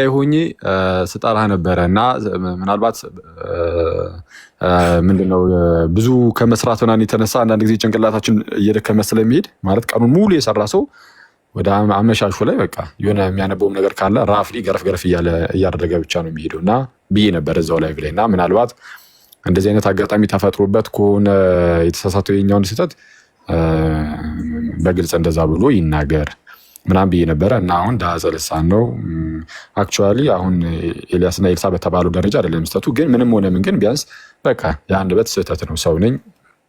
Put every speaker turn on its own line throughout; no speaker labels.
ላይ ሆኜ ስጠራህ ነበረ እና ምናልባት ምንድነው ብዙ ከመስራት ምናምን የተነሳ አንዳንድ ጊዜ ጭንቅላታችን እየደከመ ስለሚሄድ ማለት ቀኑን ሙሉ የሰራ ሰው ወደ አመሻሹ ላይ በቃ የሆነ የሚያነበውም ነገር ካለ ራፍሊ ገረፍ ገረፍ እያለ እያደረገ ብቻ ነው የሚሄደው እና ብዬ ነበር እዛው ላይ ላይ እና ምናልባት እንደዚህ አይነት አጋጣሚ ተፈጥሮበት ከሆነ የተሳሳተው የኛውን ስህተት በግልጽ እንደዛ ብሎ ይናገር ምናምን ብዬ ነበረ እና አሁን ዳዘ ልሳን ነው። አክቹዋሊ አሁን ኤልያስና ኤልሳ በተባለው ደረጃ አይደለም ስህተቱ። ግን ምንም ሆነ ምን ግን ቢያንስ በቃ የአንደበት ስህተት ነው። ሰው ነኝ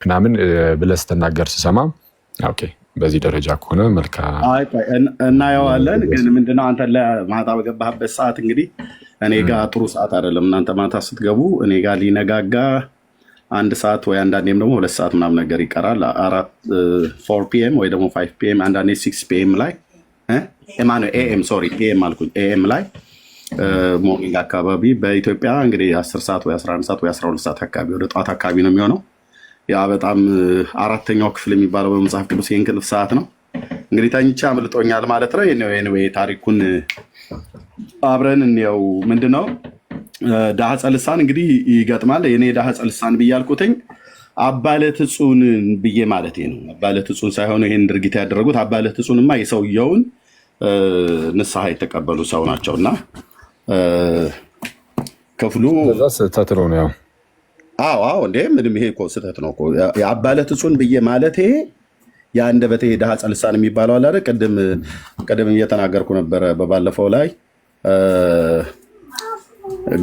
ምናምን ብለህ ስትናገር ስሰማ ኦኬ፣ በዚህ ደረጃ ከሆነ መልካም እናየዋለን። ግን ምንድነው አንተ ለማታ በገባህበት ሰዓት እንግዲህ እኔ ጋ ጥሩ ሰዓት አይደለም። እናንተ ማታ ስትገቡ እኔ ጋ ሊነጋጋ አንድ ሰዓት ወይ አንዳንዴም ደግሞ ሁለት ሰዓት ምናምን ነገር ይቀራል። አራት ፎር ፒኤም ወይ ደግሞ ፋይቭ ፒኤም አንዳንዴ ሲክስ ፒኤም ላይ ኤማኑኤል ኤኤም ሶሪ ኤኤም አልኩኝ ኤኤም ላይ ሞርኒንግ አካባቢ በኢትዮጵያ እንግዲህ 10 ሰዓት ወይ 11 ሰዓት ወይ 12 ሰዓት አካባቢ ወደ ጠዋት አካባቢ ነው የሚሆነው። ያ በጣም አራተኛው ክፍል የሚባለው በመጽሐፍ ቅዱስ የእንቅልፍ ሰዓት ነው። እንግዲህ ተኝቼ አምልጦኛል ማለት ነው። ኤኒዌይ ታሪኩን አብረን እንየው። ምንድነው ዳህፀ ልሳን እንግዲህ ይገጥማል። የኔ ዳህፀ ልሳን ብዬ አልኩትኝ አባለት እጹንን ብዬ ማለት ነው። አባለት እጹን ሳይሆኑ ይህን ድርጊት ያደረጉት አባለት እጹንማ የሰውየውን ንስሐ የተቀበሉ ሰው ናቸው እና ክፍሉ ስህተት ነው ያው አዎ አዎ እንዴ ምንም ይሄ እኮ ስህተት ነው እኮ የአባለት እጹን ብዬ ማለት ይሄ የአንደበቴ ዳሃጸ ልሳን የሚባለው አለ አይደል ቅድም ቅድም እየተናገርኩ ነበረ በባለፈው ላይ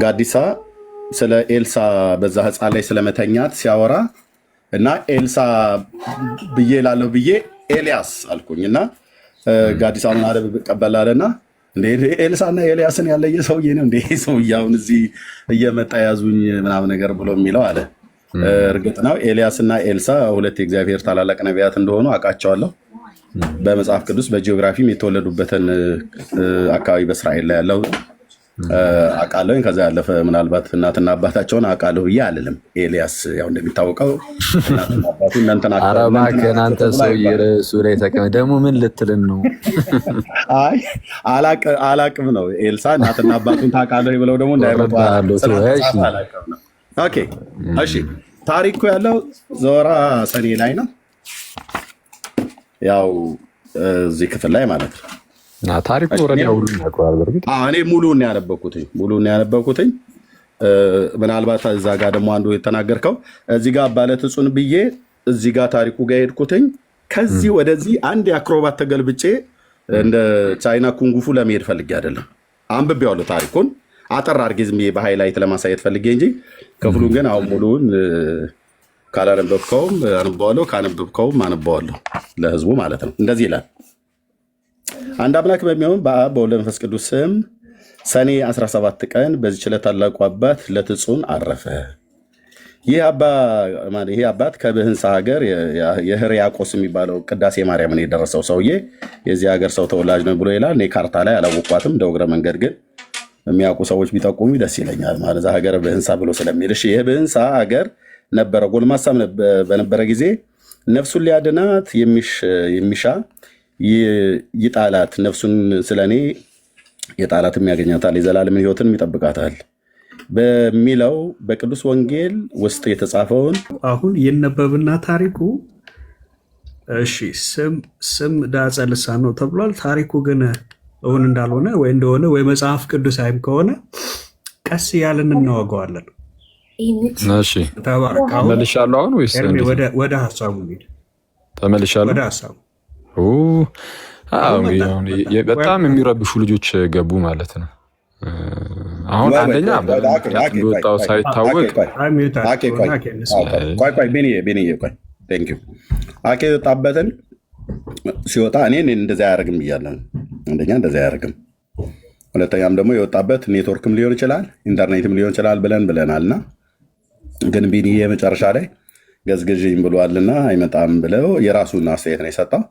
ጋዲሳ ስለ ኤልሳ በዛ ህፃን ላይ ስለመተኛት ሲያወራ እና ኤልሳ ብዬ ላለው ብዬ ኤልያስ አልኩኝ እና ጋዲሳውን አረብ ቀበላለ ና ኤልሳና ኤልያስን ያለየ ሰውዬ ነው እንደ ሰውዬ አሁን እዚህ እየመጣ ያዙኝ ምናምን ነገር ብሎ የሚለው አለ። እርግጥ ነው ኤልያስና ኤልሳ ሁለት የእግዚአብሔር ታላላቅ ነቢያት እንደሆኑ አውቃቸዋለሁ። በመጽሐፍ ቅዱስ በጂኦግራፊም የተወለዱበትን አካባቢ በእስራኤል ላይ ያለው አውቃለሁ። ከዛ ያለፈ ምናልባት እናትና አባታቸውን አውቃለሁ ብዬ አልልም። ኤልያስ ያው እንደሚታወቀው ኧረ እባክህ እናንተ ሰውዬ ርዕሱ ላይ ተቀመጥ። ደግሞ ምን ልትልን ነው? አይ አላቅም ነው። ኤልሳ እናትና አባቱን ታውቃለህ ብለው ደግሞ እንዳይመጡ እሺ። ታሪኩ ያለው ዞራ ሰኔ ላይ ነው። ያው እዚህ ክፍል ላይ ማለት ነው ታሪኩ እኔ ሙሉን ያነበብኩትኝ ሙሉን ያነበብኩትኝ ምናልባት እዛ ጋር ደግሞ አንዱ የተናገርከው እዚህ ጋር ባለትጹን ብዬ እዚህ ጋር ታሪኩ ጋር ሄድኩትኝ ከዚህ ወደዚህ አንድ የአክሮባት ተገልብጬ እንደ ቻይና ኩንጉፉ ለመሄድ ፈልጌ አይደለም። አንብቤዋለሁ ታሪኩን አጠር አድርጌ ዝም ብዬ በሃይላይት ለማሳየት ፈልጌ እንጂ ክፍሉን ግን አሁን ሙሉውን ካላነበብከውም አንበዋለሁ፣ ካነበብከውም አንበዋለሁ ለህዝቡ ማለት ነው። እንደዚህ ይላል አንድ አምላክ በሚሆን በአብ በወልድ በመንፈስ ቅዱስ ስም ሰኔ 17 ቀን በዚች ለታላቁ አባት ለትጹን አረፈ። ይህ አባት ከብህንሳ ሀገር የህርያቆስ የሚባለው ቅዳሴ ማርያምን የደረሰው ሰውዬ የዚህ ሀገር ሰው ተወላጅ ነው ብሎ ይላል። እኔ ካርታ ላይ አላወቋትም። እንደ እግረ መንገድ ግን የሚያውቁ ሰዎች ቢጠቁሙ ደስ ይለኛል። ማለት እዛ ሀገር ብህንሳ ብሎ ስለሚል እሺ። ይህ ብህንሳ ሀገር ነበረ። ጎልማሳም በነበረ ጊዜ ነፍሱን ሊያድናት የሚሻ ይጣላት ነፍሱን ስለ እኔ የጣላትም ያገኛታል የዘላለምን ሕይወትንም ይጠብቃታል በሚለው በቅዱስ ወንጌል ውስጥ የተጻፈውን አሁን ይነበብና ታሪኩ እሺ ስም ዳጸ ልሳን ነው ተብሏል። ታሪኩ ግን እውን እንዳልሆነ ወይ እንደሆነ ወይ መጽሐፍ ቅዱስ አይም ከሆነ ቀስ እያልን እናወገዋለን። ተባረክ። አሁን ወደ ሀሳቡ ሄድ ተመልሻለሁ። ወደ ሀሳቡ በጣም የሚረብሹ ልጆች ገቡ ማለት ነው። አሁን አንደኛ ወጣው ሳይታወቅ አኬ የወጣበትን ሲወጣ እኔ እንደዚያ አያደርግም እያለን አንደኛ እንደዚ አያደርግም፣ ሁለተኛም ደግሞ የወጣበት ኔትወርክም ሊሆን ይችላል ኢንተርኔትም ሊሆን ይችላል ብለን ብለናል እና ግን ቢኒ መጨረሻ ላይ ገዝግዥኝ ብሏልና አይመጣም ብለው የራሱን አስተያየት ነው የሰጠው።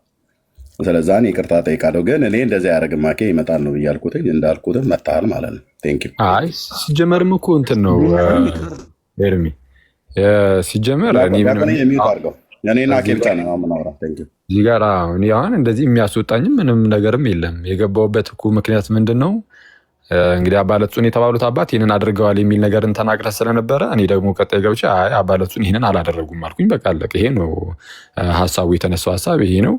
ስለዛ እኔ ይቅርታ ጠይቃለሁ። ግን እኔ እንደዚህ ያደረግ ማኬ ይመጣል ነው ብዬ አልኩትኝ። እንዳልኩትም መታል ማለት ነው። አይ ሲጀመርም እኮ እንትን ነው ኤርሚ ሲጀመር እኔና ብቻ ነው ምናወራ እዚህ ጋር እኔ አሁን እንደዚህ የሚያስወጣኝም ምንም ነገርም የለም። የገባውበት እኮ ምክንያት ምንድን ነው እንግዲህ አባለጹን የተባሉት አባት ይህንን አድርገዋል የሚል ነገርን ተናግረ ስለነበረ እኔ ደግሞ ቀጣይ ገብቼ አባለጹን ይህንን አላደረጉም አልኩኝ። በቃ አለቀ። ይሄ ነው ሀሳቡ፣ የተነሳው ሀሳብ ይሄ ነው።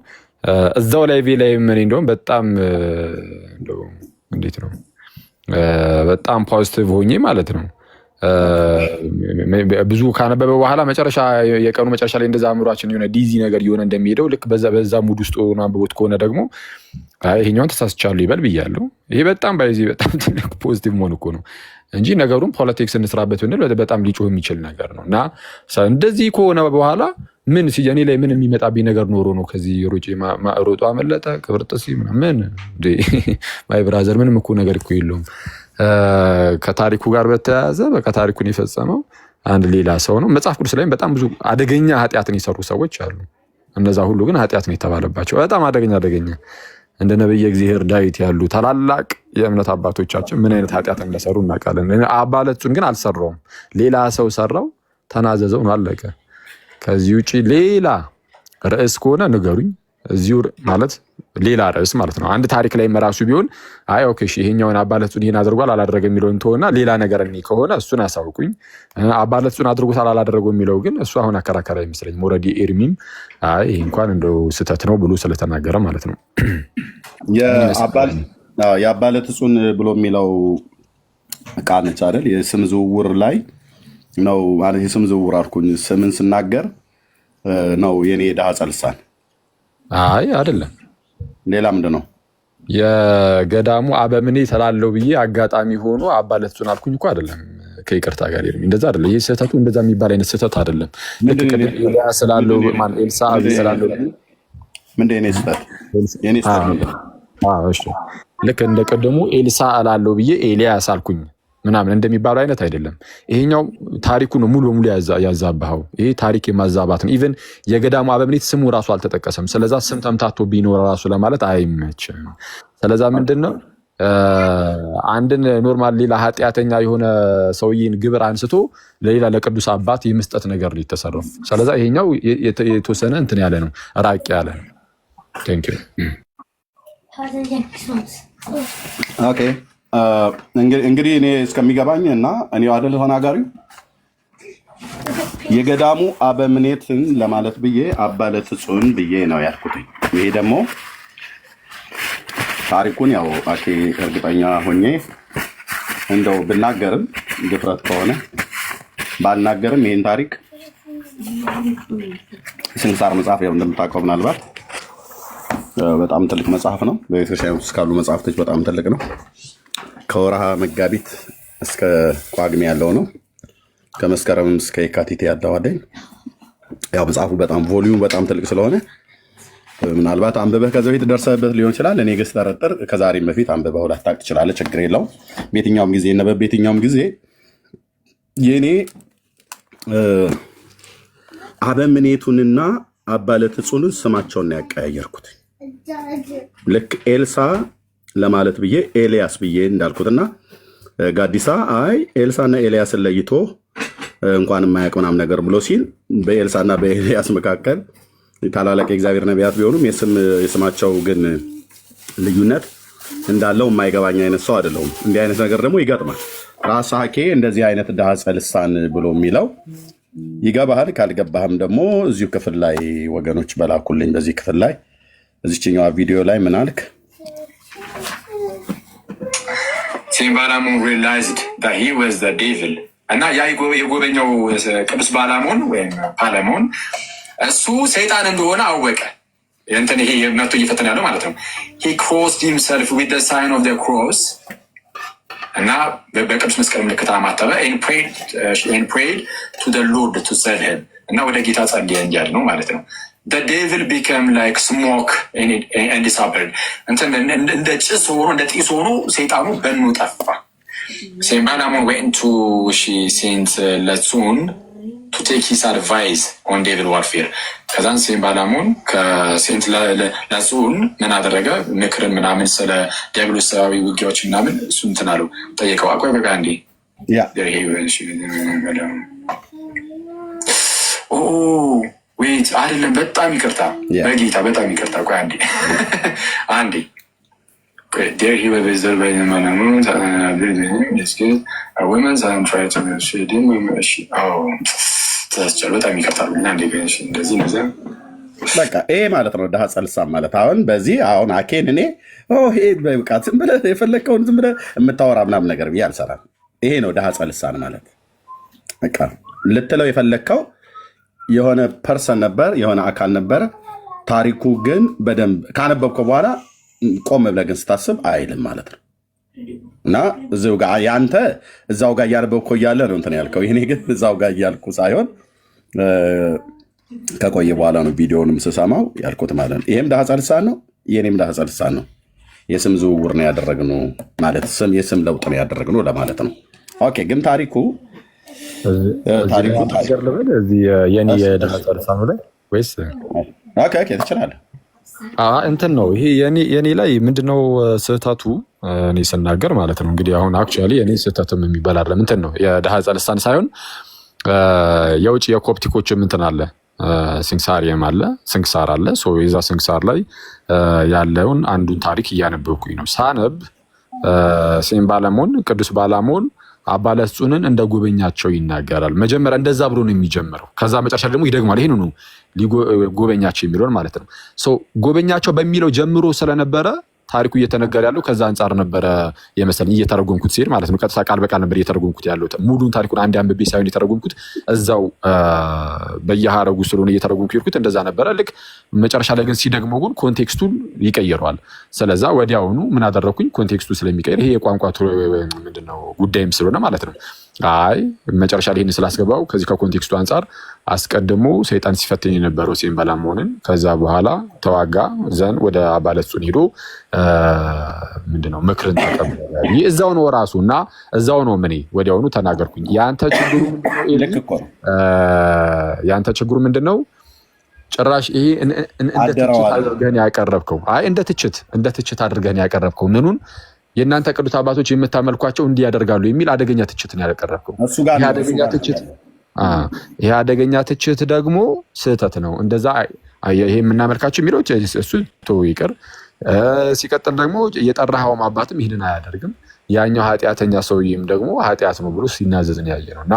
እዛው ላይ ቤ ላይ ምን እንደውም በጣም እንዴት ነው በጣም ፖዚቲቭ ሆኜ ማለት ነው ብዙ ካነበበ በኋላ መጨረሻ የቀኑ መጨረሻ ላይ እንደዛ አእምሯችን የሆነ ዲዚ ነገር እየሆነ እንደሚሄደው ልክ በዛ ሙድ ውስጥ ሆኖ አንብቦት ከሆነ ደግሞ ይሄኛውን ተሳስቻለሁ ይበል ብያለሁ። ይሄ በጣም ባይዚ በጣም ትልቅ ፖዚቲቭ መሆን እኮ ነው እንጂ ነገሩን ፖለቲክስ እንስራበት ብንል በጣም ሊጮህ የሚችል ነገር ነው እና እንደዚህ ከሆነ በኋላ ምን እኔ ላይ ምን የሚመጣብኝ ነገር ኖሮ ነው? ከዚህ ሮጬ ሮጦ አመለጠ ሲ ምን ማይ ብራዘር፣ ምንም እኮ ነገር እኮ የለውም። ከታሪኩ ጋር በተያያዘ በቃ ታሪኩን የፈጸመው አንድ ሌላ ሰው ነው። መጽሐፍ ቅዱስ ላይም በጣም ብዙ አደገኛ ኃጢአትን የሰሩ ሰዎች አሉ። እነዛ ሁሉ ግን ኃጢአት ነው የተባለባቸው። በጣም አደገኛ አደገኛ እንደ ነብየ እግዚአብሔር ዳዊት ያሉ ታላላቅ የእምነት አባቶቻችን ምን አይነት ኃጢአት እንደሰሩ እናውቃለን። አባለቱን ግን አልሰራውም። ሌላ ሰው ሰራው፣ ተናዘዘው ነው አለቀ። ከዚህ ውጭ ሌላ ርዕስ ከሆነ ንገሩኝ። እዚሁ ማለት ሌላ ርዕስ ማለት ነው። አንድ ታሪክ ላይ መራሱ ቢሆን አይ ኦኬ፣ እሺ ይሄኛውን አባለቱን ይሄን አድርጓል አላደረገ የሚለውን ተሆና ሌላ ነገር እኔ ከሆነ እሱን አሳውቁኝ። አባለቱን አድርጎታል አላደረገው የሚለው ግን እሱ አሁን አከራከራ ይመስለኝ ሞረዲ ኤርሚም አይ ይህ እንኳን እንደው ስህተት ነው ብሎ ስለተናገረ ማለት ነው የአባለት እጹን ብሎ የሚለው ቃል አይደል የስም ዝውውር ላይ ነው ማለት የስም ዝውውር አልኩኝ። ስምን ስናገር ነው የኔ ዳ ጸልሳን። አይ አይደለም፣ ሌላ ምንድን ነው የገዳሙ አበምኔ ተላለው ብዬ አጋጣሚ ሆኖ አባለቱን አልኩኝ እኮ አይደለም። ከይቅርታ ጋር ሄድ እንደዛ አይደለም። ይህ ስህተቱ እንደዛ የሚባል አይነት ስህተት አይደለም። ስላለው ስላለው ስህተት ስህተት ልክ እንደ ቀደሙ ኤልሳ እላለው ብዬ ኤልያስ አልኩኝ። ምናምን እንደሚባለው አይነት አይደለም። ይሄኛው ታሪኩ ነው ሙሉ በሙሉ ያዛባኸው። ይሄ ታሪክ የማዛባት ነው። ኢቨን የገዳሙ አበምኔት ስሙ ራሱ አልተጠቀሰም። ስለዛ ስም ተምታቶ ቢኖር ራሱ ለማለት አይመችም። ስለዛ ምንድን ነው አንድን ኖርማል ሌላ ኃጢአተኛ የሆነ ሰውዬን ግብር አንስቶ ለሌላ ለቅዱስ አባት የመስጠት ነገር የተሰራው። ስለዛ ይሄኛው የተወሰነ እንትን ያለ ነው፣ ራቅ ያለ ቴንክ እንግዲህ እኔ እስከሚገባኝ እና እኔ አደል ተናጋሪው የገዳሙ አበምኔትን ለማለት ብዬ አባለትጹን ብዬ ነው ያልኩትኝ። ይሄ ደግሞ ታሪኩን ያው አኬ እርግጠኛ ሆኜ እንደው ብናገርም ድፍረት ከሆነ ባልናገርም ይህን ታሪክ ስንክሳር መጽሐፍ ያው እንደምታውቀው ምናልባት በጣም ትልቅ መጽሐፍ ነው። በቤተክርስቲያን ውስጥ ካሉ መጽሐፍቶች በጣም ትልቅ ነው። ከወረሃ መጋቢት እስከ ቋግሜ ያለው ነው። ከመስከረም እስከ የካቲት ያለው አለኝ። ያው መጽሐፉ በጣም ቮሊዩም በጣም ትልቅ ስለሆነ ምናልባት አንብበህ ከዚ በፊት ደርሰበት ሊሆን ይችላል። እኔ ግን ስጠረጥር ከዛሬም በፊት አንብበህ ሁለት ታቅ ትችላለህ። ችግር የለውም። ቤትኛውም ጊዜ ነበብ ቤትኛውም ጊዜ የእኔ አበምኔቱንና አባለትጹንን ስማቸውን ያቀያየርኩት ልክ ኤልሳ ለማለት ብዬ ኤልያስ ብዬ እንዳልኩትና ጋዲሳ አይ ኤልሳና ኤልያስን ለይቶ እንኳን የማያውቅ ምናምን ነገር ብሎ ሲል በኤልሳና በኤልያስ መካከል ታላላቅ የእግዚአብሔር ነቢያት ቢሆኑም የስማቸው ግን ልዩነት እንዳለው የማይገባኝ አይነት ሰው አይደለሁም። እንዲህ አይነት ነገር ደግሞ ይገጥማል። ራሳኬ ሀኬ እንደዚህ አይነት ዳሀፀ ልሳን ብሎ የሚለው ይገባሃል። ካልገባህም ደግሞ እዚሁ ክፍል ላይ ወገኖች በላኩልኝ በዚህ ክፍል ላይ እዚችኛዋ ቪዲዮ ላይ ምናልክ ሴንባላሞን ሪላይዝድ ሂ ወዝ ዴቪል እና ያ የጎበኛው ቅዱስ ባላሞን ወይም ፓለሞን እሱ ሰይጣን እንደሆነ አወቀ። እንትን ይሄ መቶ እየፈተነ ያለው ማለት ነው። ሂ ክሮስድ ሂምሰልፍ ዊዝ ሳይን ኦፍ ክሮስ እና በቅዱስ መስቀል ምልክት አማተበ ፕሬድ ቱ ሎርድ ቱ ሰልህም እና ወደ ጌታ ጸልየ እንዲያል ነው ማለት ነው። ደቪል ቢከም ላይክ ስሞክ እንዲሳበርድ እንደ ጭስ ሆኖ እንደ ጢስ ሆኖ ሴጣኑ በኑ ጠፋ። ሴማናሞን ወንቱ ሺ ሴንት ለሱን ቱ ቴክ ሂስ አድቫይስ ኦን ዴቪል ዋርፌር። ከዛን ሴምባላሞን ከሴንት ለሱን ምን አደረገ? ምክርን ምናምን ስለ ዲያብሎስ ሰብአዊ ውጊያዎች ምናምን እሱ እንትን አሉ ጠየቀው። አቆይ በቃ እንዴ ይሄ ወይት አይደለም። በጣም ይቅርታ በጌታ በጣም ይቅርታ። ቆይ አንዴ አንዴ በቃ ይሄ ማለት ነው ድሃ ጸልሳ ማለት አሁን በዚህ አሁን አኬን እኔ በቃ ዝም ብለህ የፈለግከውን ዝም ብለህ የምታወራ ምናምን ነገር ብዬ አልሰራም። ይሄ ነው ድሃ ጸልሳን ማለት በቃ ልትለው የፈለግከው የሆነ ፐርሰን ነበር፣ የሆነ አካል ነበር። ታሪኩ ግን በደንብ ካነበብከ በኋላ ቆም ብለህ ግን ስታስብ አይልም ማለት ነው። እና እዚው ጋር ያንተ እዛው ጋር እያነበብኮ እያለ ነው እንትን ያልከው። ይኔ ግን እዛው ጋር እያልኩ ሳይሆን ከቆየ በኋላ ነው ቪዲዮንም ስሰማው ያልኩት ማለት ነው። ይሄም ዳህፃ ልሳን ነው፣ የኔም ዳህፃ ልሳን ነው። የስም ዝውውር ነው ያደረግነው ማለት ስም የስም ለውጥ ነው ያደረግነው ለማለት ነው። ኦኬ ግን ታሪኩ ታሪኩ ልበል እዚህ የኔ የድረጸር ሳኑ ላይ ወይስ ትችላለህ? እንትን ነው ይሄ የኔ ላይ ምንድነው ስህተቱ? እኔ ስናገር ማለት ነው እንግዲህ አሁን አክቹዋሊ የኔ ስህተትም የሚባል አይደለም። እንትን ነው የድሃ ጸልሳን ሳይሆን የውጭ የኮፕቲኮች ምንትን አለ ስንክሳሪየም አለ ስንክሳር አለ። የዛ ስንክሳር ላይ ያለውን አንዱን ታሪክ እያነበብኩኝ ነው። ሳነብ ሴም ባለሞን ቅዱስ ባላሞን አባለሱንን እንደ ጎበኛቸው ይናገራል። መጀመሪያ እንደዛ ብሎ ነው የሚጀምረው። ከዛ መጨረሻ ደግሞ ይደግማል። ይሄን ነው ጎበኛቸው የሚለውን ማለት ነው። ጎበኛቸው በሚለው ጀምሮ ስለነበረ ታሪኩ እየተነገረ ያለው ከዛ አንጻር ነበረ የመሰለኝ እየተረጎምኩት ሲሄድ ማለት ነው። ቀጥታ ቃል በቃል ነበር እየተረጎምኩት ያለው ሙሉን ታሪኩን አንድ አንብቤ ሳይሆን እየተረጎምኩት እዛው በየሀረጉ ስለሆነ እየተረጎምኩ ሄድኩት። እንደዛ ነበረ። ልክ መጨረሻ ላይ ግን ሲደግመው ግን ኮንቴክስቱን ይቀይረዋል። ስለዛ ወዲያውኑ ምን አደረግኩኝ? ኮንቴክስቱ ስለሚቀይር ይሄ የቋንቋ ምንድነው ጉዳይም ስለሆነ ማለት ነው። አይ መጨረሻ ላይ ይህን ስላስገባው ከዚህ ከኮንቴክስቱ አንጻር አስቀድሞ ሰይጣን ሲፈትን የነበረው ሲምበላ መሆንን ከዛ በኋላ ተዋጋ ዘን ወደ አባለሱን ሄዶ ምንድነው ምክርን ተቀብ እዛው ነው ራሱ እና እዛው ነው ምን ወዲያውኑ ተናገርኩኝ። የአንተ ችግሩ የአንተ ችግሩ ምንድን ነው? ጭራሽ ይሄ እንደ ትችት አድርገን ያቀረብከው፣ አይ እንደ ትችት እንደ ትችት አድርገን ያቀረብከው ምኑን የእናንተ ቅዱስ አባቶች የምታመልኳቸው እንዲህ ያደርጋሉ የሚል አደገኛ ትችት ነው ያቀረብከው አደገኛ ትችት ይሄ አደገኛ ትችት ደግሞ ስህተት ነው። እንደዛ ይሄ የምናመልካቸው የሚለው እሱ ይቅር። ሲቀጥል ደግሞ የጠራኸውም አባትም ይህንን አያደርግም። ያኛው ኃጢአተኛ ሰውዬም ደግሞ ኃጢአት ነው ብሎ ሲናዘዝን ያየ ነው እና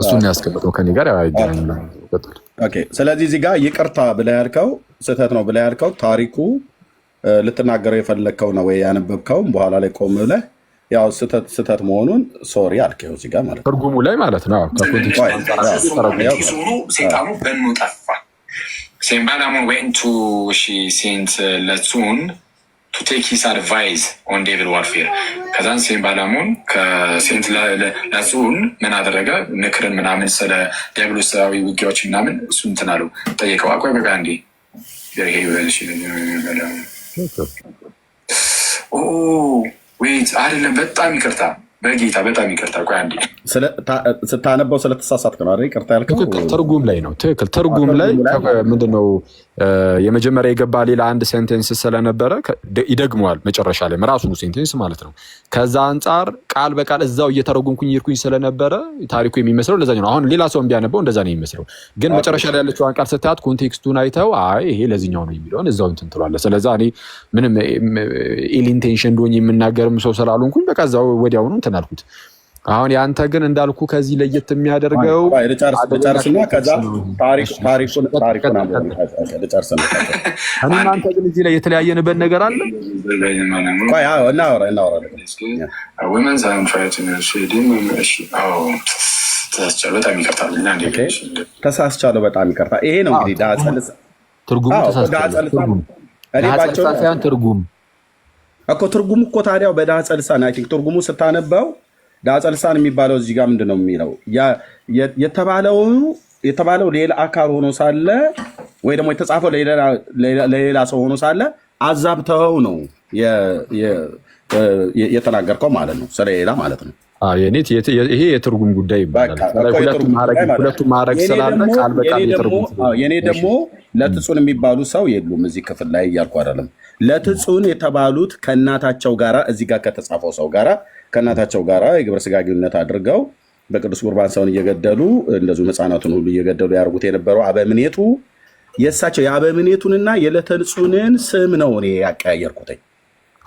እሱን ያስቀምጠው ከኔ ጋር አይገናኝ። ስለዚህ እዚህ ጋር ይቅርታ ብለህ ያልከው ስህተት ነው ብለህ ያልከው ታሪኩ ልትናገረው የፈለግከው ነው ወይ ያነበብከውም በኋላ ላይ ቆም ብለህ ያው ስህተት ስህተት መሆኑን ሶሪ አልከው እዚህ ጋር ማለት ትርጉሙ ላይ ማለት ነው። ሴጣኑ በኑ ጠፋ ሴምባላሙን ወንቱ ሺ ሴንት ለሱን ቱ ቴክ ሂስ አድቫይዝ ኦን ዴቪል ዋርፌር። ከዛን ሴምባላሙን ከሴንት ለሱን ምን አደረገ? ምክርን ምናምን ስለ ዲያብሎ ስራዊ ውጊያዎች ምናምን እሱ እንትን አሉ ጠየቀው። አቆይ በቃ እንዲ ይሄ ወይት አይደለም። በጣም ይቅርታ በጌታ በጣም ይቅርታ። ቆይ አንዴ ስታነበው ስለተሳሳትክ ነው አይደል? ይቅርታ ያልከው ትርጉም ላይ ነው። ትክክል፣ ትርጉም ላይ ምንድን ነው የመጀመሪያ የገባ ሌላ አንድ ሴንቴንስ ስለነበረ ይደግመዋል መጨረሻ ላይ ራሱ ሴንቴንስ ማለት ነው። ከዛ አንጻር ቃል በቃል እዛው እየተረጉምኩኝ ይርኩኝ ስለነበረ ታሪኩ የሚመስለው ለዛ ነው። አሁን ሌላ ሰው ቢያነበው እንደዛ ነው የሚመስለው፣ ግን መጨረሻ ላይ ያለችው ቃል ስታያት ኮንቴክስቱን አይተው አይ ይሄ ለዚኛው ነው የሚለውን እዛው እንትን ትሏለ። ስለዛ እኔ ምንም ኢል ኢንቴንሽን እንደሆኝ የምናገርም ሰው ስላሉንኩኝ በቃ እዛው ወዲያውኑ እንትን አልኩት። አሁን የአንተ ግን እንዳልኩ ከዚህ ለየት የሚያደርገው ልጨርስና ግን እዚህ ላይ የተለያየንበት ነገር አለ። uh, um, uh, oh, በጣም ይቅርታ። ይሄ ነው እንግዲህ ትርጉም እኮ ታዲያው በዳጸ ልሳን ትርጉሙ ስታነባው ለአጸ ልሳን የሚባለው እዚህ ጋር ምንድን ነው የሚለው? የተባለው ሌላ አካል ሆኖ ሳለ ወይ ደግሞ የተጻፈው ለሌላ ሰው ሆኖ ሳለ አዛብተኸው ነው የተናገርከው ማለት ነው። ስለሌላ ማለት ነው። ይሄ የትርጉም ጉዳይ ይባላል። ማድረግ ማዕረግ ስላለ ቃል በቃል የትርጉም የኔ ደግሞ ለትጹን የሚባሉ ሰው የሉም እዚህ ክፍል ላይ እያልኩ አይደለም። ለትጹን የተባሉት ከእናታቸው ጋራ እዚህ ጋር ከተጻፈው ሰው ጋራ ከእናታቸው ጋር የግብረ ስጋ ግንኙነት አድርገው በቅዱስ ቁርባን ሰውን እየገደሉ እንደዚሁም ህፃናቱን ሁሉ እየገደሉ ያደርጉት የነበረው አበምኔቱ የእሳቸው የአበምኔቱንና የዕለተ ስም ነው እኔ ያቀያየርኩትኝ።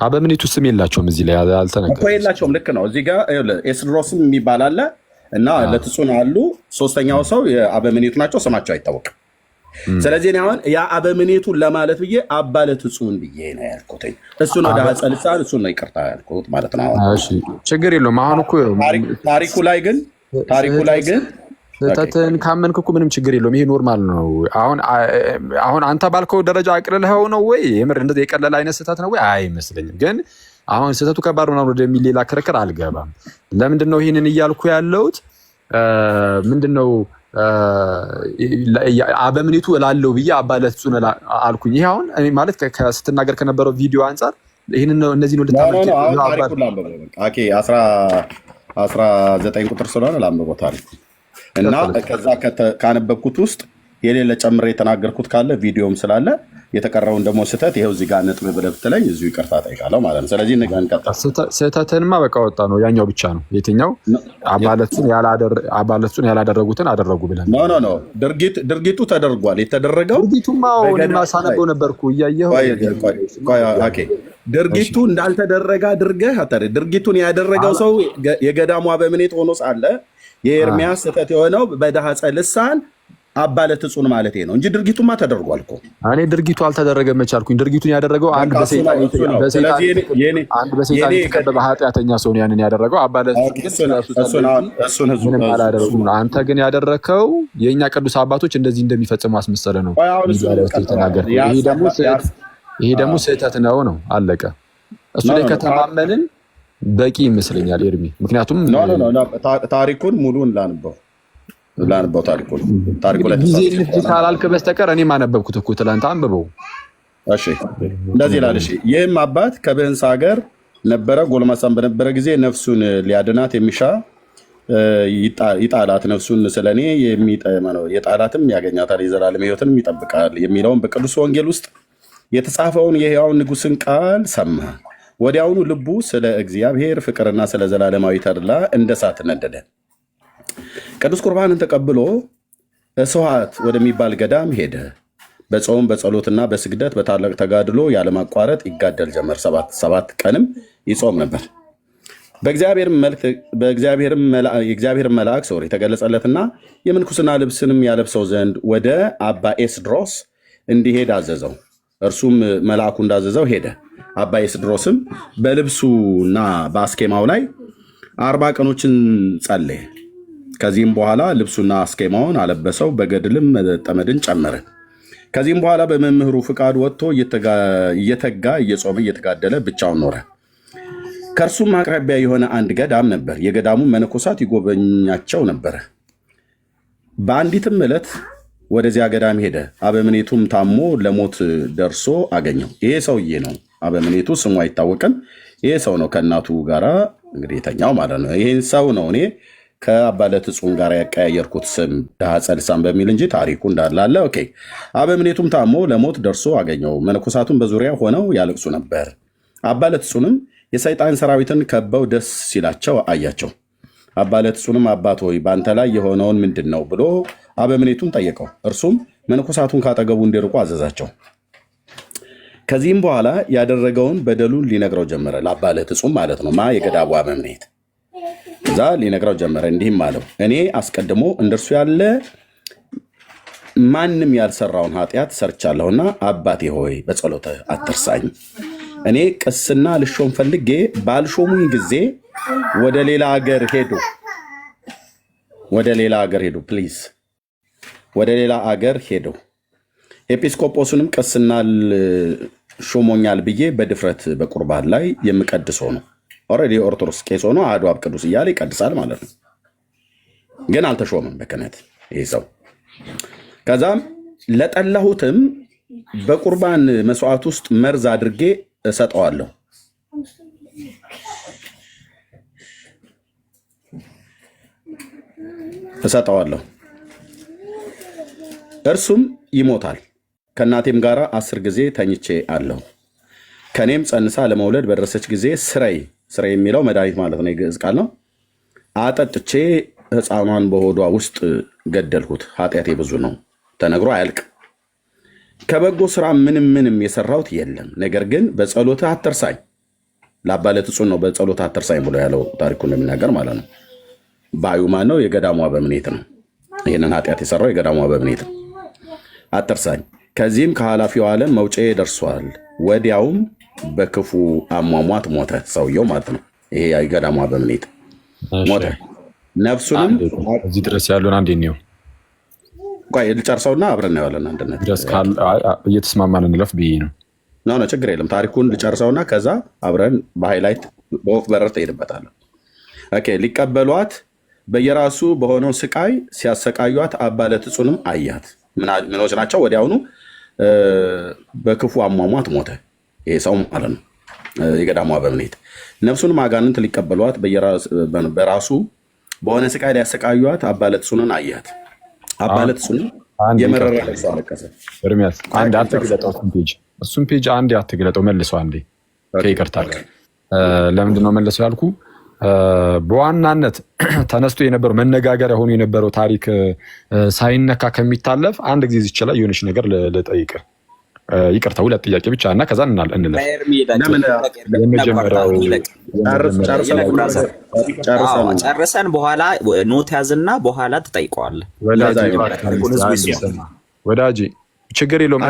አበምኔቱ ስም የላቸውም እዚህ ላይ አልተነገረም እኮ የላቸውም። ልክ ነው። እዚህ ጋ ኤስድሮስም የሚባል አለ እና ዕለተ አሉ። ሶስተኛው ሰው የአበምኔቱ ናቸው። ስማቸው አይታወቅም። ስለዚህ አሁን ያ አበምኔቱን ለማለት ብዬ አባለት ጽሁን ብዬ ነው ያልኩትኝ። እሱን ወደ ጸልሳን እሱን ነው ይቅርታ ያልኩት ማለት ነው። ችግር የለውም። አሁን እኮ ታሪኩ ላይ ግን ታሪኩ ላይ ግን ስህተትን ካመንክ እኮ ምንም ችግር የለውም። ይሄ ኖርማል ነው። አሁን አሁን አንተ ባልከው ደረጃ አቅልልኸው ነው ወይ የምር እንደዚህ የቀለለ አይነት ስህተት ነው ወይ? አይመስለኝም። ግን አሁን ስህተቱ ከባድ ሆና ወደሚል ሌላ ክርክር አልገባም። ለምንድን ነው ይህንን እያልኩ ያለሁት ምንድን ነው አበምኔቱ እላለው ብዬ አባለት አባለሱን አልኩኝ። ይሄ አሁን ማለት ስትናገር ከነበረው ቪዲዮ አንጻር ይህንን ይህን እነዚህ ነው ዘጠኝ ቁጥር ስለሆነ ላንብበው ታሪኩ እና ከዛ ካነበብኩት ውስጥ የሌለ ጨምሬ የተናገርኩት ካለ ቪዲዮም ስላለ የተቀረውን ደግሞ ስህተት ይኸው እዚህ ጋር ነጥብ ብለህ ብትለኝ እዚሁ ይቅርታ እጠይቃለሁ ማለት ነው። ስለዚህ እንቀጥል። ስህተትንማ በቃ ወጣ ነው ያኛው ብቻ ነው። የትኛው አባለቱን ያላደረጉትን አደረጉ ብለህ ኖ ኖ ድርጊቱ ተደርጓል። የተደረገው ድርጊቱማ እኔማ ሳነበው ነበርኩ እያየኸው ድርጊቱ እንዳልተደረገ አድርገህ ድርጊቱን ያደረገው ሰው የገዳሙ አበምኔት ሆኖ ሳለ የኤርሚያስ ስህተት የሆነው በዳህፀ ልሳን አባለት ጽኑ ማለት ነው እንጂ ድርጊቱማ ተደርጓል እኮ። እኔ ድርጊቱ አልተደረገም መቻልኩኝ ድርጊቱን ያደረገው አንድ በሰይጣን የተከበበ ኃጢአተኛ ሰው ያንን ያደረገው አባለት። አንተ ግን ያደረከው የእኛ ቅዱስ አባቶች እንደዚህ እንደሚፈጽሙ አስመሰለ ነው ይሄ ደግሞ ስህተት ነው ነው አለቀ። እሱ ላይ ከተማመንን በቂ ይመስለኛል ኤርሚ። ምክንያቱም ታሪኩን ሙሉን ላንበው ላንባው ታሪኩ ታሪኩ ላይ ጊዜ ካላልክ በስተቀር እኔም አነበብኩት እኮ ትላንት አንብበው። እሺ እንደዚህ ይላል። እሺ ይህም አባት ከብህንስ ሀገር ነበረ። ጎልማሳን በነበረ ጊዜ ነፍሱን ሊያድናት የሚሻ ይጣላት፣ ነፍሱን ስለ እኔ የጣላትም ያገኛታል፣ የዘላለም ህይወትንም ይጠብቃል የሚለውን በቅዱስ ወንጌል ውስጥ የተጻፈውን የህያውን ንጉስን ቃል ሰማ። ወዲያውኑ ልቡ ስለ እግዚአብሔር ፍቅርና ስለ ዘላለማዊ ተድላ እንደ እሳት ነደደ። ቅዱስ ቁርባንን ተቀብሎ እስዋት ወደሚባል ገዳም ሄደ። በጾም በጸሎትና በስግደት በታላቅ ተጋድሎ ያለማቋረጥ ይጋደል ጀመር። ሰባት ቀንም ይጾም ነበር። የእግዚአብሔር መልአክ ሶሪ የተገለጸለትና የምንኩስና ልብስንም ያለብሰው ዘንድ ወደ አባ ኤስድሮስ እንዲሄድ አዘዘው። እርሱም መልአኩ እንዳዘዘው ሄደ። አባ ኤስድሮስም በልብሱና በአስኬማው ላይ አርባ ቀኖችን ጸለየ። ከዚህም በኋላ ልብሱና አስኬማውን አለበሰው፣ በገድልም መጠመድን ጨመረ። ከዚህም በኋላ በመምህሩ ፍቃድ ወጥቶ እየተጋ እየጾመ እየተጋደለ ብቻውን ኖረ። ከእርሱም አቅራቢያ የሆነ አንድ ገዳም ነበር። የገዳሙ መነኮሳት ይጎበኛቸው ነበረ። በአንዲትም ዕለት ወደዚያ ገዳም ሄደ። አበምኔቱም ታሞ ለሞት ደርሶ አገኘው። ይሄ ሰውዬ ነው። አበምኔቱ ስሙ አይታወቅም። ይሄ ሰው ነው ከእናቱ ጋራ እንግዲህ የተኛው ማለት ነው። ይህን ሰው ነው እኔ ከአባለት ጹም ጋር ያቀያየርኩት ስም ድሃ ልሳን በሚል እንጂ ታሪኩ እንዳላለ ኦኬ። አበምኔቱም ታሞ ለሞት ደርሶ አገኘው። መነኮሳቱም በዙሪያ ሆነው ያለቅሱ ነበር። አባለት ጹንም የሰይጣን ሰራዊትን ከበው ደስ ሲላቸው አያቸው። አባለት ጹንም አባት ሆይ በአንተ ላይ የሆነውን ምንድን ነው ብሎ አበምኔቱን ጠየቀው። እርሱም መነኮሳቱን ካጠገቡ እንዲርቁ አዘዛቸው። ከዚህም በኋላ ያደረገውን በደሉን ሊነግረው ጀመረ። ለአባለት ጹም ማለት ነው ማ የገዳቡ አበምኔት እዛ ሊነግራው ጀመረ። እንዲህም አለው እኔ አስቀድሞ እንደርሱ ያለ ማንም ያልሰራውን ኃጢአት ሰርቻለሁና አባቴ ሆይ በጸሎተ አትርሳኝ። እኔ ቅስና ልሾም ፈልጌ ባልሾሙኝ ጊዜ ወደ ሌላ ሀገር ሄዱ ወደ ሌላ ሀገር ሄዱ ፕሊዝ ወደ ሌላ አገር ሄዱ። ኤጲስቆጶሱንም ቅስና ሾሞኛል ብዬ በድፍረት በቁርባን ላይ የምቀድሰው ነው ኦልሬዲ ኦርቶዶክስ ቄስ ሆኖ አሐዱ አብ ቅዱስ እያለ ይቀድሳል ማለት ነው። ግን አልተሾመም በክህነት ይህ ሰው። ከዛም ለጠላሁትም በቁርባን መስዋዕት ውስጥ መርዝ አድርጌ እሰጠዋለሁ። እሰጠዋለሁ እርሱም ይሞታል። ከእናቴም ጋር አስር ጊዜ ተኝቼ አለሁ። ከእኔም ጸንሳ ለመውለድ በደረሰች ጊዜ ስረይ ስራ የሚለው መድኃኒት ማለት ነው፣ የግዕዝ ቃል ነው። አጠጥቼ ህፃኗን በሆዷ ውስጥ ገደልሁት፣ ኃጢአቴ ብዙ ነው ተነግሮ አያልቅ። ከበጎ ስራ ምንም ምንም የሰራሁት የለም፣ ነገር ግን በጸሎት አትርሳኝ። ለአባለት እጹን ነው በጸሎት አትርሳኝ ብሎ ያለው ታሪኩ እንደሚናገር ማለት ነው። ባዩ ማን ነው? የገዳሟ በምኔት ነው። ይህንን ኃጢአት የሰራው የገዳሟ በምኔት ነው። አትርሳኝ፣ ከዚህም ከኃላፊው ዓለም መውጫዬ ደርሷል፣ ወዲያውም በክፉ አሟሟት ሞተ። ሰውየው ማለት ነው። ይሄ አይገዳማ በምኔት ሞተ። ነፍሱንም እዚህ ድረስ ያሉን አንድ ነው ልጨርሰውና አብረን እናየዋለን። አንድነት እየተስማማን እንለፍ ብዬ ነው። ሆነ ችግር የለም። ታሪኩን ልጨርሰውና ከዛ አብረን በሃይላይት በወፍ በረር ትሄድበታለን። ሊቀበሏት በየራሱ በሆነው ስቃይ ሲያሰቃዩት አባለት ለትጹንም አያት። ምኖች ናቸው። ወዲያውኑ በክፉ አሟሟት ሞተ። ይሄ ሰው ማለት ነው። የገዳሙ በምኔት ነፍሱንም ማጋንንት ሊቀበሏት በራሱ በሆነ ስቃይ ሊያሰቃዩት አባለት ሱንን አያት። አባለት ሱንን የመረረ ልቅሶ አለቀሰ። ኤርሚያስ አንድ አትግለጠው፣ ፔጅ እሱን ፔጅ አንድ አትግለጠው፣ መልሶ አንዴ ከይቅርታ ለምንድን ነው መልሶ ያልኩ? በዋናነት ተነስቶ የነበረው መነጋገሪያ ሆኖ የነበረው ታሪክ ሳይነካ ከሚታለፍ አንድ ጊዜ ዝችላ የሆነች ነገር ልጠይቅህ ይቅርታ ሁለት ጥያቄ ብቻ እና ከዛ እናል እንለፍ። በኋላ ኖት ያዝና በኋላ ትጠይቀዋል። ወዳጅ ችግር የለውም።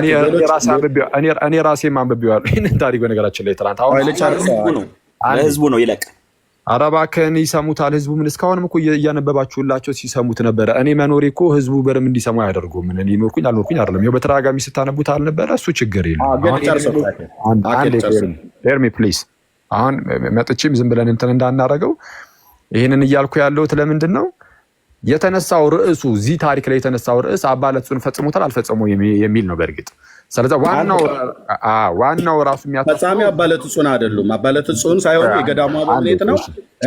እኔ ራሴ ማንብቢዋል ይህንን ታሪክ በነገራችን ላይ ትናንት። ለህዝቡ ነው ይለቅ ኧረ እባክህን ይሰሙታል። ህዝቡ ምን እስካሁንም እኮ እያነበባችሁላቸው ሲሰሙት ነበረ። እኔ መኖሬ እኮ ህዝቡ በደንብ እንዲሰሙ አያደርጉም። እኔ ኖርኩኝ አልኖርኩኝ አይደለም። ይኸው በተደጋጋሚ ስታነቡት አልነበረ? እሱ ችግር የለም። ፕሊዝ፣ አሁን መጥቼም ዝም ብለን እንትን እንዳናረገው ይህንን እያልኩ ያለሁት ለምንድን ነው የተነሳው ርዕሱ እዚህ ታሪክ ላይ የተነሳው ርዕስ አባ ፈጽሞታል አልፈጸሙም የሚል ነው በእርግጥ ስለዚህ ዋናው ዋናው ራሱ ፈጻሚ አባለት ጽሁን አይደሉም። አባለት ጽሁን ሳይሆን የገዳሙ አበምኔት ነው።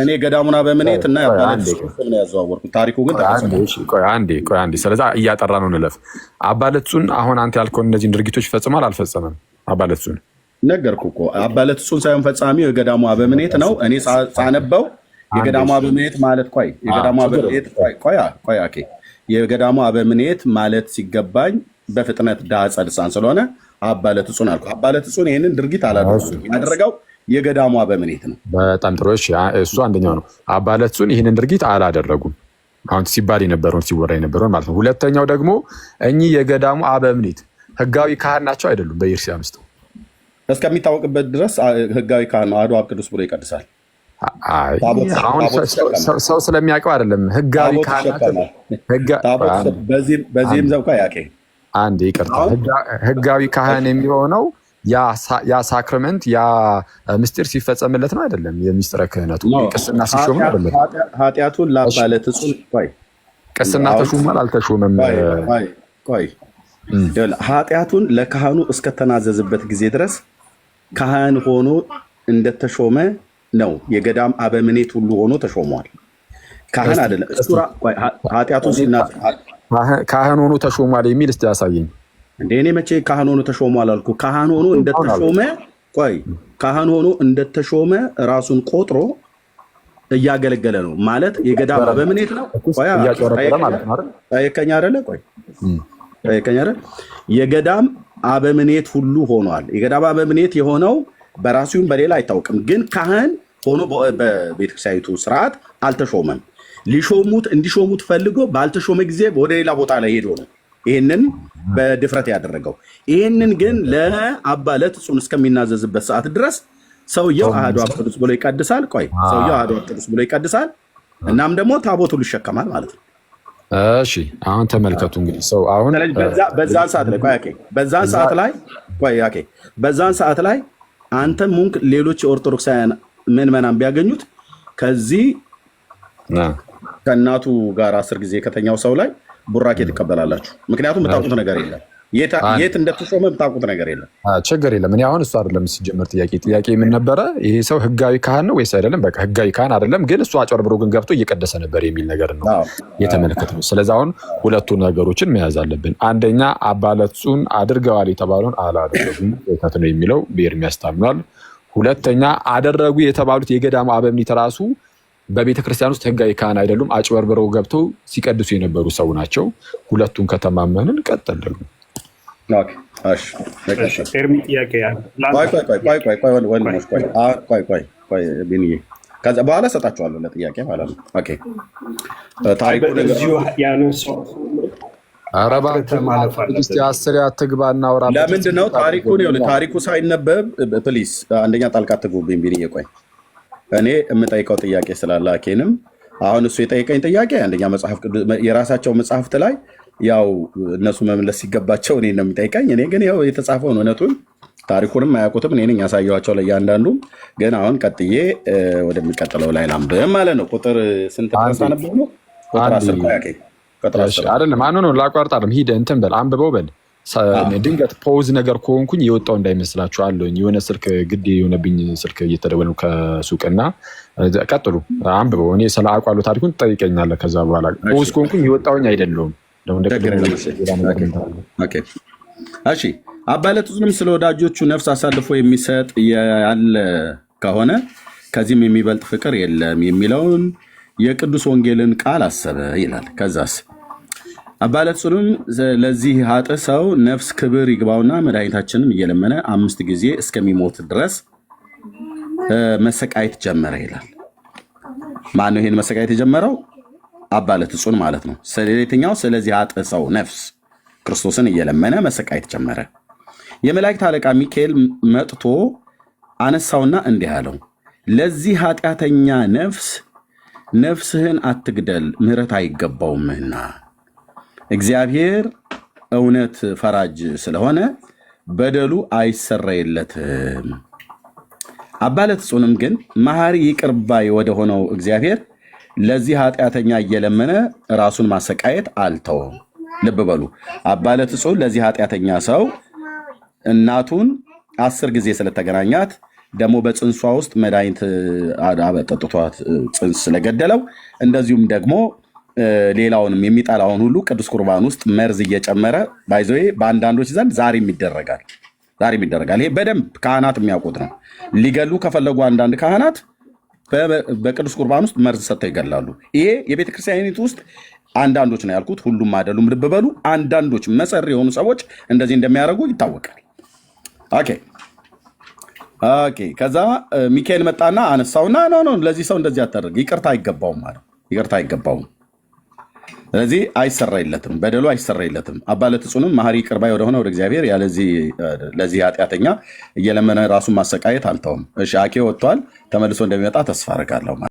እኔ ገዳሙን አበምኔት እና የአባለት ጽሁን ነው ያዘዋወርኩት። ታሪኩ ግን አንዴ፣ ስለዚህ እያጠራ ነው ንለፍ። አባለት ጽሁን አሁን አንተ ያልከውን እነዚህን ድርጊቶች ፈጽሟል አልፈጸመም? አባለት ጽሁን ነገርኩ እኮ አባለት ጽሁን ሳይሆን ፈጻሚው የገዳሙ አበምኔት ነው። እኔ ሳነበው የገዳሙ አበምኔት ማለት ቆይ፣ የገዳሙ አበምኔት ቆይ፣ ቆይ፣ የገዳሙ አበምኔት ማለት ሲገባኝ በፍጥነት ዳፀ ልሳን ስለሆነ አባለት ጹን አልኩ። አባለት ጹን ይህንን ድርጊት አላደረሱም። ያደረገው የገዳሙ አበምኔት ነው። በጣም ጥሩ። እሱ አንደኛው ነው። አባለት ጹን ይህንን ድርጊት አላደረጉም። አሁን ሲባል የነበረውን ሲወራ የነበረውን ማለት ነው። ሁለተኛው ደግሞ እኚህ የገዳሙ አበምኔት ህጋዊ ካህን ናቸው አይደሉም? በኢርሲያ ምስጥ እስከሚታወቅበት ድረስ ህጋዊ ካህን ነው። አዶ ቅዱስ ብሎ ይቀድሳል። ሰው ስለሚያውቀው አይደለም። ህጋዊ ካህን በዚህም ዘብኳ ያቄ አንድ ይቅርታ፣ ህጋዊ ካህን የሚሆነው ያ ሳክረመንት ያ ምስጢር ሲፈጸምለት ነው አይደለም? የሚስጥረ ክህነቱ ቅስና ሲሾም አይደለም? ኃጢአቱን ቆይ፣ ቅስና ተሹሟል አልተሾመም? ቆይ ኃጢአቱን ለካህኑ እስከተናዘዝበት ጊዜ ድረስ ካህን ሆኖ እንደተሾመ ነው። የገዳም አበምኔት ሁሉ ሆኖ ተሾሟል። ካህን አይደለም ኃጢአቱን ካህን ሆኖ ተሾሟል የሚል እስቲ ያሳየኝ። እንደ እኔ መቼ ካህን ሆኖ ተሾሟል አልኩ? ካህን ሆኖ እንደተሾመ ቆይ፣ ካህን ሆኖ እንደተሾመ ራሱን ቆጥሮ እያገለገለ ነው ማለት የገዳም በምኔት ነው። ጠየቀኝ አይደለ? ቆይ ጠየቀኝ አይደለ? የገዳም አበምኔት ሁሉ ሆኗል። የገዳም አበምኔት የሆነው በራሱም በሌላ አይታወቅም፣ ግን ካህን ሆኖ በቤተክርስቲያኒቱ ስርዓት አልተሾመም። ሊሾሙት እንዲሾሙት ፈልጎ ባልተሾመ ጊዜ ወደ ሌላ ቦታ ላይ ሄዶ ነው ይህንን በድፍረት ያደረገው። ይህንን ግን ለአባ ለትጹን እስከሚናዘዝበት ሰዓት ድረስ ሰውየው አህዶ አብ ቅዱስ ብሎ ይቀድሳል። ቆይ ሰውየው አህዶ አብ ቅዱስ ብሎ ይቀድሳል። እናም ደግሞ ታቦቱን ይሸከማል ማለት ነው። እሺ አሁን ተመልከቱ እንግዲህ ሰው አሁን በዛን ሰዓት ላይ ቆይ በዛን ሰዓት ላይ ቆይ በዛን ሰዓት ላይ አንተ ሙንክ ሌሎች የኦርቶዶክሳውያን ምዕመናን ቢያገኙት ከዚህ ከእናቱ ጋር አስር ጊዜ ከተኛው ሰው ላይ ቡራኬ ትቀበላላችሁ። ምክንያቱም የምታውቁት ነገር የለም፣ የት እንደተሾመ የምታውቁት ነገር የለም። ችግር የለም። እኔ አሁን እሱ አይደለም ሲጀምር ጥያቄ ጥያቄ ምን ነበረ? ይሄ ሰው ህጋዊ ካህን ነው ወይስ አይደለም? በቃ ህጋዊ ካህን አይደለም፣ ግን እሱ አጭበርብሮ ግን ገብቶ እየቀደሰ ነበር የሚል ነገር ነው ነው። ስለዚህ አሁን ሁለቱ ነገሮችን መያዝ አለብን። አንደኛ አባለቱን አድርገዋል የተባለውን አላደረጉም ት ነው የሚለው ብሔር የሚያስታምኗል። ሁለተኛ አደረጉ የተባሉት የገዳሙ አበምኔት ራሱ በቤተ ክርስቲያን ውስጥ ህጋዊ ካህን አይደሉም። አጭበርብረው ገብተው ሲቀድሱ የነበሩ ሰው ናቸው። ሁለቱን ከተማመንን ቀጠል በኋላ ሰጣችኋለሁ ለጥያቄ ማለት ነው። አስር አትግባ እናውራ። ለምንድን ነው ታሪኩን ታሪኩ ሳይነበብ ፕሊስ አንደኛ ጣልቃ አትግቡብኝ ቢንዬ ቆይ እኔ የምጠይቀው ጥያቄ ስላለ አኬንም አሁን እሱ የጠየቀኝ ጥያቄ አንደኛ መጽሐፍ የራሳቸው መጽሐፍት ላይ ያው እነሱ መመለስ ሲገባቸው እኔ ነው የሚጠይቀኝ። እኔ ግን ያው የተጻፈውን እውነቱን ታሪኩንም አያውቁትም። እኔ ነኝ ያሳየኋቸው ለእያንዳንዱም። ግን አሁን ቀጥዬ ወደሚቀጥለው ላይ ላምብም ማለት ነው። ቁጥር ስንት ነበር ነው? ቁጥር አስር አይደለም። ማኑ ነው ላቋርጥ አይደለም። ሂደ እንትን በል አንብበው በል ድንገት ፖዝ ነገር ከሆንኩኝ የወጣው እንዳይመስላችሁ አለኝ። የሆነ ስልክ ግድ የሆነብኝ ስልክ እየተደወሉ ነው ከሱቅና፣ ቀጥሉ አንብበው። እኔ ስለ አቋሉ ታሪኩን ትጠይቀኛለህ። ከዛ በኋላ ፖዝ ከሆንኩኝ የወጣውኝ አይደለውም። እሺ አባለቱንም ስለ ወዳጆቹ ነፍስ አሳልፎ የሚሰጥ ያለ ከሆነ ከዚህም የሚበልጥ ፍቅር የለም የሚለውን የቅዱስ ወንጌልን ቃል አሰበ ይላል። ከዛስ አባለሱንም ለዚህ ሀጥ ሰው ነፍስ ክብር ይግባውና መድኃኒታችንም እየለመነ አምስት ጊዜ እስከሚሞት ድረስ መሰቃየት ጀመረ ይላል። ማነው ይሄን መሰቃየት የጀመረው? አባለትጹን ማለት ነው። ስለሌተኛው ስለዚህ ሀጥ ሰው ነፍስ ክርስቶስን እየለመነ መሰቃየት ጀመረ። የመላእክት አለቃ ሚካኤል መጥቶ አነሳውና እንዲህ አለው፣ ለዚህ ኃጢአተኛ ነፍስ ነፍስህን አትግደል፣ ምሕረት አይገባውምና እግዚአብሔር እውነት ፈራጅ ስለሆነ በደሉ አይሰረይለትም። አባለት ጹንም ግን መሐሪ ይቅርባይ ወደ ወደሆነው እግዚአብሔር ለዚህ ኃጢአተኛ እየለመነ ራሱን ማሰቃየት አልተውም። ልብ በሉ። አባለት ጹን ለዚህ ኃጢአተኛ ሰው እናቱን አስር ጊዜ ስለተገናኛት ደግሞ በፅንሷ ውስጥ መድኃኒት አጠጥቷት ፅንስ ስለገደለው እንደዚሁም ደግሞ ሌላውንም የሚጠላውን ሁሉ ቅዱስ ቁርባን ውስጥ መርዝ እየጨመረ ባይዘዌ በአንዳንዶች ዘንድ ዛሬም ይደረጋል። ዛሬም ይደረጋል። ይሄ በደንብ ካህናት የሚያውቁት ነው። ሊገሉ ከፈለጉ አንዳንድ ካህናት በቅዱስ ቁርባን ውስጥ መርዝ ሰጥተው ይገላሉ። ይሄ የቤተክርስቲያኒቱ ውስጥ አንዳንዶች ነው ያልኩት፣ ሁሉም አይደሉም። ልብ በሉ። አንዳንዶች መሰሪ የሆኑ ሰዎች እንደዚህ እንደሚያደርጉ ይታወቃል። ኦኬ ኦኬ። ከዛ ሚካኤል መጣና አነሳውና ኖ ኖ ለዚህ ሰው እንደዚህ አታደርግ፣ ይቅርታ አይገባውም ይቅርታ አይገባውም። ስለዚህ አይሰራይለትም፣ በደሉ አይሰራይለትም። አባለት ጽኑም መሐሪ ቅርባይ ወደሆነ ወደ እግዚአብሔር ያለዚህ ለዚህ ኃጢአተኛ እየለመነ ራሱን ማሰቃየት አልተውም። እሺ አኬ ወጥቷል፣ ተመልሶ እንደሚመጣ ተስፋ አርጋለሁ